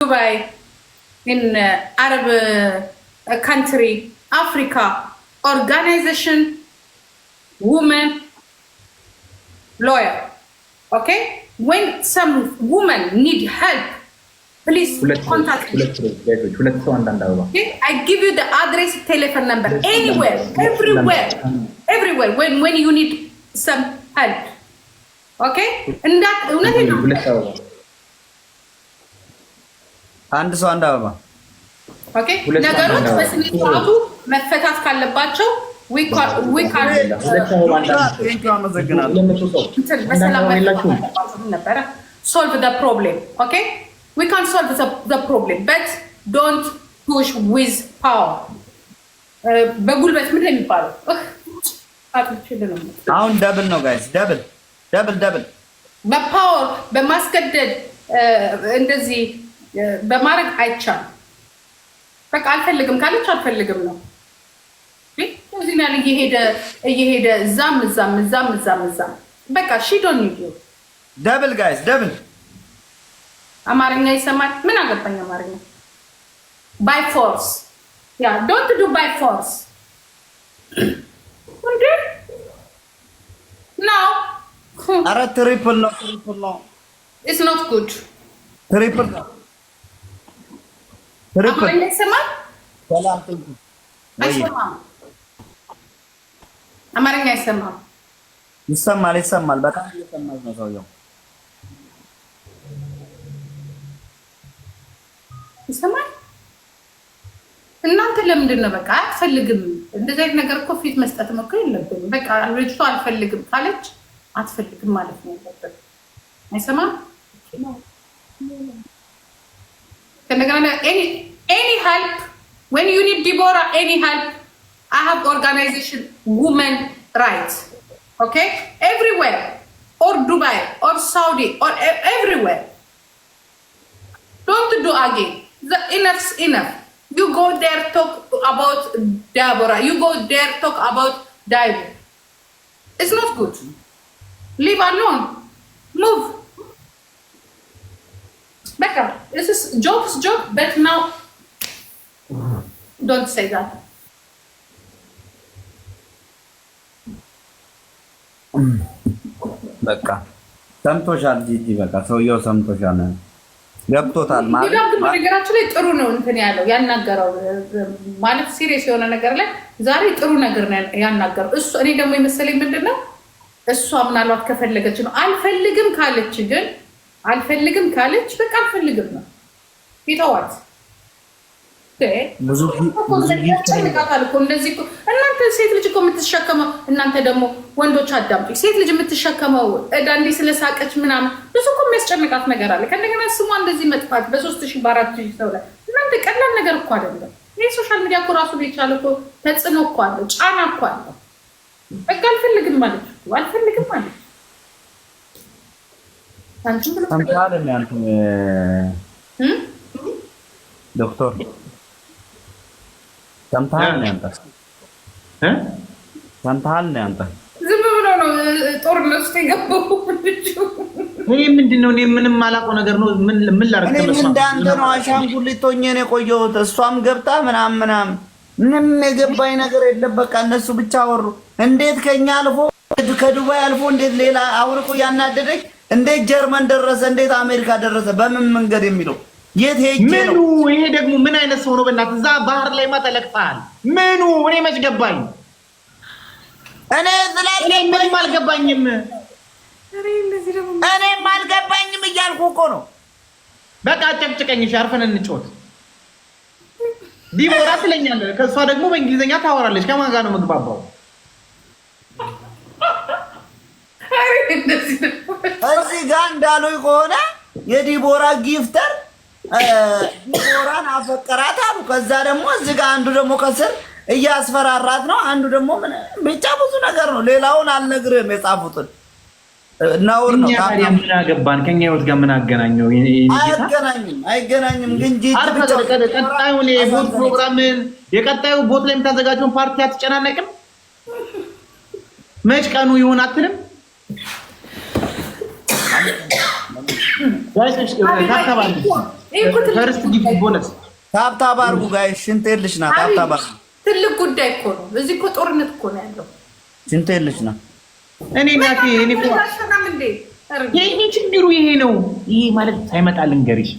Dubai, in uh, Arab uh, country, Africa, organization, woman, lawyer. Okay? When some woman need help, please contact me. okay? I give you the address, telephone number, anywhere, everywhere, everywhere, when, when you need some help. Okay? And that, nothing. አንድ ሰው አንድ አበባ። ነገሮች በስነ መፈታት ካለባቸው ነበረ ሶልቭ ዘ ፕሮብሌም ኦኬ ዊ ካን ሶልቭ ዘ ፕሮብሌም በት ዶንት ፑሽ ዊዝ ፓወር በጉልበት ምን የሚባለው አሁን ደብል ነው ጋይስ ደብል ደብል ደብል በፓወር በማስገደድ uh, እንደዚህ በማድረግ አይቻልም። በቃ አልፈልግም ካለች አልፈልግም ነው። እዚህ ያለ እየሄደ እየሄደ እዛም እዛም እዛም እዛም እዛም በቃ ሺዶን ዩ ደብል ጋይዝ ደብል አማርኛ ይሰማል። ምን አገባኝ አማርኛ ባይ ፎርስ ያ ዶንት ዱ ባይ ፎርስ እንዴ ና አረ ትሪፕል ነው ትሪፕል ነው ኢትስ ኖት ጉድ ትሪፕል ነው አማርኛ አይሰማም። ይሰማል ይሰማል። በጣም እየሰማኝ ነው ሰውየው። ይሰማል። እናንተ ለምንድን ነው በቃ አትፈልግም? እንደዚህ አይነት ነገር እኮ ፊት መስጠት መክሮ የለብን። በቃ ልጅቷ አልፈልግም ካለች አትፈልግም ማለት ነው ያለብን። አይሰማም። ከእንደገና any help, when you need Deborah, any help, I have organization, women rights, okay? Everywhere, or Dubai, or Saudi, or everywhere. Don't do again. The enough's enough. You go there, talk about Deborah. You go there, talk about David. It's not good. Leave alone. Move. Becca, this is job's job, but now ዶንት ሴይ ዛት በቃ ሰምቶሻል ጂጂ በቃ ሰውየው ሰምቶሻል ገብቶታል ማለት ነገራችን ላይ ጥሩ ነው እንትን ያለው ያናገረው ማለት ሲሪየስ የሆነ ነገር ላይ ዛሬ ጥሩ ነገር ያናገረው እሱ እኔ ደግሞ የመሰለኝ ምንድን ነው እሷ ምናልባት ከፈለገች ነው አልፈልግም ካለች ግን አልፈልግም ካለች በቃ አልፈልግም ነው ይተዋት እናንተ ሴት ልጅ እኮ የምትሸከመው እናንተ ደግሞ ወንዶች አዳምጡ። ሴት ልጅ የምትሸከመው ዕዳ እንዲህ ስለሳቀች ምናምን ብዙ እኮ የሚያስጨንቃት ነገር አለ። ከእንደገና ስሟ እንደዚህ መጥፋት በሶስት ሺህ በአራት ሺህ ሰው ላይ እናንተ ቀላል ነገር እኮ አይደለም። ይህ ሶሻል ሚዲያ እኮ ራሱ የቻለ እኮ ተጽዕኖ እኮ አለው፣ ጫና እኮ አለው። በቃ አልፈልግም ማለት አልፈልግም ማለት ዶክተር ሰምተሃል ነው ያንተ እ ሰምተሃል ነው ያንተ ዝም ብሎ ነው ጦርነት ውስጥ የገባው። እኔ ምንድን ነው እኔ ምንም አላውቀው ነገር ነው። ምን ምን ላደርግ ተመስማ እንዳንተ ነው አሻንጉሊት ሆኜ ነው የቆየሁት። እሷም ገብታ ምናምን ምናምን ምንም የገባኝ ነገር የለም። በቃ እነሱ ብቻ አወሩ። እንዴት ከኛ አልፎ ከዱባይ አልፎ እንዴት ሌላ አሁን እኮ እንዴት ጀርመን ደረሰ፣ እንዴት አሜሪካ ደረሰ፣ በምን መንገድ የሚለው የት ሄጄ ምኑ? ይሄ ደግሞ ምን አይነት ሰው ነው? በእናትህ እዛ ባህር ተለቅፈሃል። ምኑ? እኔ መች ገባኝ? እኔ ምንም አልገባኝም። እኔም አልገባኝም እያልኩ እኮ ነው። በቃ አጨቅጭቀኝ። አርፈን ዲቦራ ትለኛለህ፣ ከእሷ ደግሞ በእንግሊዝኛ ታወራለች። ከማን ጋር ነው መግባባው? እዚህ ጋር እንዳሉኝ ከሆነ የዲቦራ ጊፍተር ዲቦራን አፈቀራት አሉ። ከዛ ደግሞ እዚህ ጋር አንዱ ደግሞ ከስር እያስፈራራት ነው። አንዱ ደግሞ ብቻ ብዙ ነገር ነው። ሌላውን አልነግርህም። የጻፉትን ነውር ነው። ምን አገባን? ከኛ ህይወት ጋር ምን አገናኘው? አይገናኝም፣ አይገናኝም። ግን ቀጣዩን የቦት ፕሮግራምን የቀጣዩ ቦት ላይ የምታዘጋጀውን ፓርቲ አትጨናነቅም። መች ቀኑ ይሆን አትልም። ታባል ፈርስት ጊፍት ቦነስ ታብታብ ጋይ ሽንት የለሽ ታብታብ ትልቅ ጉዳይ እኮ ነው። እዚህ እኮ ጦርነት እኮ ነው ያለው። ሽንት የለሽ እኔ እኔ ይሄ ችግሩ ይሄ ነው። ይሄ ማለት ሳይመጣ ልንገሪሽ፣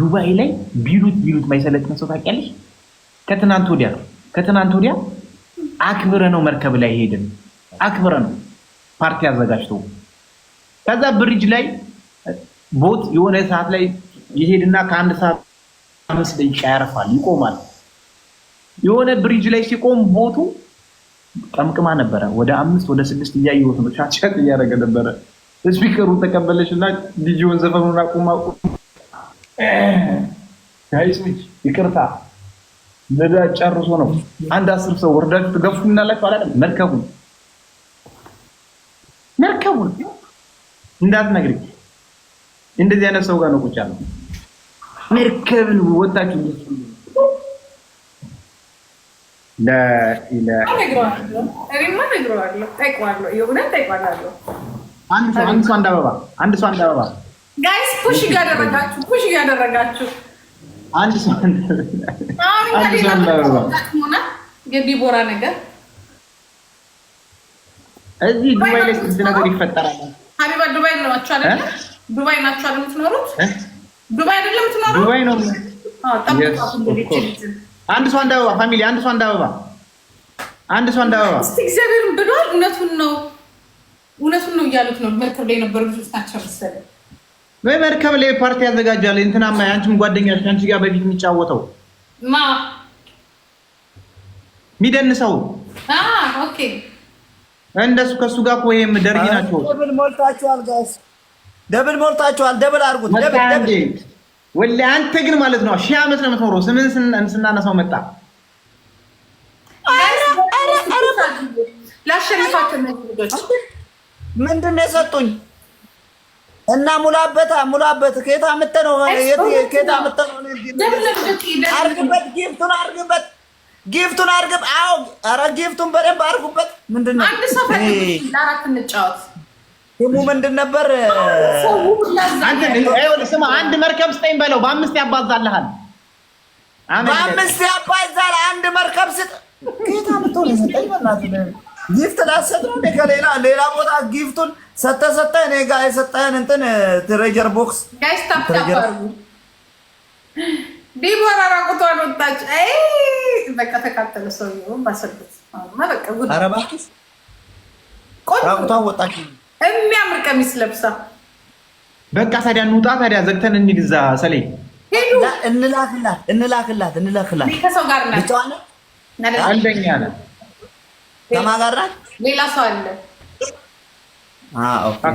ዱባይ ላይ ቢሉት ቢሉት ማይሰለጥን ሰው ታውቂያለሽ። ከትናንት ወዲያ ከትናንት ወዲያ አክብረ ነው መርከብ ላይ ሄድን። አክብረ ነው ፓርቲ አዘጋጅቶ ከዛ ብሪጅ ላይ ቦት የሆነ ሰዓት ላይ ይሄድና ከአንድ ሰዓት አምስት ደቂቃ ያረፋል፣ ይቆማል። የሆነ ብሪጅ ላይ ሲቆም ቦቱ ቀምቅማ ነበረ። ወደ አምስት ወደ ስድስት እያየሁት ነው። ቻቻት እያደረገ ነበረ። ስፒከሩን ተቀበለች እና ዲጂውን ዘፈኑን አቁማ ይስች ይቅርታ ነዳ ጨርሶ ነው። አንድ አስር ሰው ወርዳችሁ ትገፉ እናላችሁ አላለም። መርከቡን መርከቡን እንዳትነግሪኝ እንደዚህ አይነት ሰው ጋር ነው ቁጭ ያለው። መርከብን ወጣችሁ አንድ ሰው አንድ አበባ አንድ ሰው አንድ አበባ ጋይስ ፑሽ እያደረጋችሁ ፑሽ እያደረጋችሁ አንድ ሰው አንድ አበባ የዲቦራ ነገር እዚህ ዱባይ ላይ ስንት ነገር ይፈጠራል። ሀቢባ ዱባይ ነው አቻለ ዱባይ ናቸው አይደል የምትኖሩት? ዱባይ አይደል የምትኖሩት? ዱባይ ነው። አንድ ሰው አንድ አበባ ፋሚሊ፣ አንድ ሰው አንድ አበባ፣ አንድ ሰው አንድ አበባ። እስቲ እግዚአብሔርን ብሏል። እውነቱን ነው፣ እውነቱን ነው እያሉት ነው። መርከብ ላይ የነበሩ ብዙ ናቸው መሰለኝ። ወይ መርከብ ላይ ፓርቲ ያዘጋጃል። እንትናማ አንቺም ጓደኛ አንቺ ጋር በፊት የሚጫወተው ማ የሚደንሰው ኦኬ፣ እንደሱ ከሱ ጋር እኮ ይሄም ደርጊ ናቸው። ሞልቷቸዋል ጋይስ ደብል ሞልታችኋል። ደብል አርጉት። ወላ አንተ ግን ማለት ነው ሺህ ዓመት ነው የምትኖረው። ስምህን ስናነሳው መጣ ምንድን ነው የሰጡኝ? እና ሙላበታ ሙላበት ከየት አምጥተህ ነው ከየት አምጥተህ ነው? አርግበት፣ ጊፍቱን አርግበት፣ ጊፍቱን አርግበት። አዎ፣ ኧረ ጊፍቱን በደንብ አድርጉበት። ምንድን ነው አንድ ሰው ለአራት እንጫወት ስሙ ምንድን ነበር? ስማ አንድ መርከብ ስጠኝ በለው፣ በአምስት ያባዛልሃል። በአምስት ያባዛል። አንድ መርከብ ስጥ። ጌታ ምቶ ሰጠኝ። ጊፍት ላሰጥ ነው ከሌላ ሌላ ቦታ ጊፍቱን ሰተ ሰተህ እኔ ጋ የሰጠህን እንትን ትሬጀር ቦክስ ዲቦራ ራቁቷን ወጣች። በቃ ተካተለ ሰውዬውን ባሰበት። ኧረ እባክህ ራቁቷን ወጣች። የሚያምር ቀሚስ ለብሳ በቃ ታዲያ እንውጣ። ታዲያ ዘግተን እንግዛ። ሰሌ እንላክላት እንላክላት እንላክላት። ከሰው ጋር ናት አንደኛ ነ ከማጋራት ሌላ ሰው አለ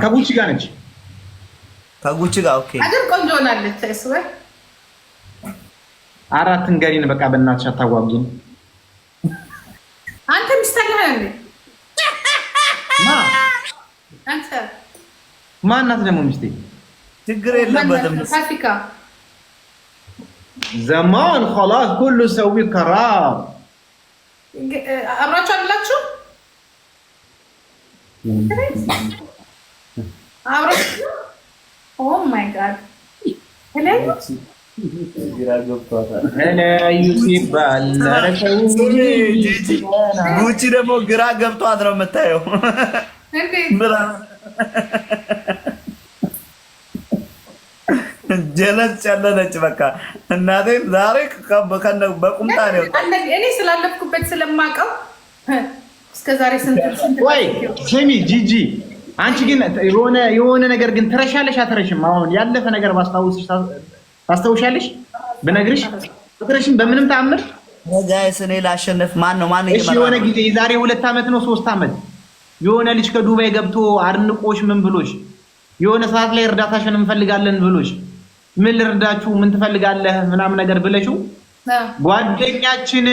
ከጉቺ ጋር ነች። ከጉቺ ጋር ኦኬ። አገር ቆንጆ ሆናለች። ስበ አራት እንገሪን በቃ በእናትሽ አታጓጉን። አንተ ሚስታለህ ማናት ደግሞ ሚስቴ? ችግር የለበትም። ዘማን ኸላስ ኩሉ ሰው ከራር አብራችሁ አላችሁ አብራችሁ ኦ ማይ ጋድ ተለያዩ ደግሞ ግራ ገብቷት ነው የምታየው። ጀለስ ያለ በቃ እናቴ ዛሬ በቁምጣ ነው። እኔ ስላለፍኩበት ስለማውቀው እስከዛሬ ወይ ስሚ ጂጂ፣ አንቺ ግን የሆነ ነገር ግን ትረሻለሽ አትረሽም? አሁን ያለፈ ነገር ታስታውሻለሽ? ብነግርሽ ትረሽም በምንም ተአምር። ጋይስ እኔ ላሸነፍ። ማን ነው ማን? የሆነ ጊዜ የዛሬ ሁለት ዓመት ነው ሶስት ዓመት የሆነ ልጅ ከዱባይ ገብቶ አድንቆሽ ምን ብሎሽ የሆነ ሰዓት ላይ እርዳታሽን እንፈልጋለን ብሎሽ ምን ልርዳችሁ ምን ትፈልጋለህ ምናምን ነገር ብለሽው ጓደኛችን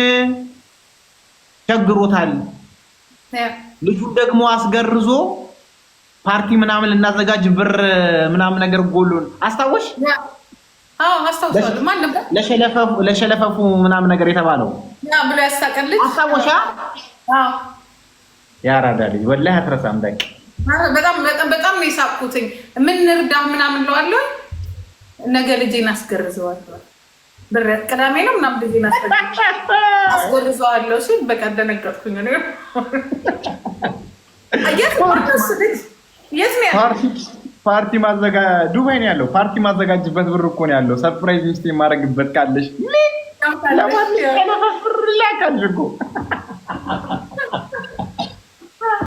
ቸግሮታል ልጁን ደግሞ አስገርዞ ፓርቲ ምናምን ልናዘጋጅ ብር ምናምን ነገር ጎሎን አስታወሽ? ለሸለፈፉ ምናምን ነገር የተባለው አስታወሻ የአራዳ ልጅ ወላሂ አትረሳም። በቃ በጣም በጣም በጣም ነው ምን እርዳ ምናምን ለዋለሁ ነገ ልጄን አስገርዘዋለሁ። ብር ቅዳሜ ነው ምናምን ልጄን አስገርዘዋለሁ ሲል በቃ ደነገጥኩኝ። ፓርቲ ማዘጋ ዱባይ ነው ያለው። ፓርቲ ማዘጋጅበት ብር እኮ ነው ያለው። ሰርፕራይዝ ሚስቴ የማደርግበት ካለሽ ለማን ብር ላካልሽ እኮ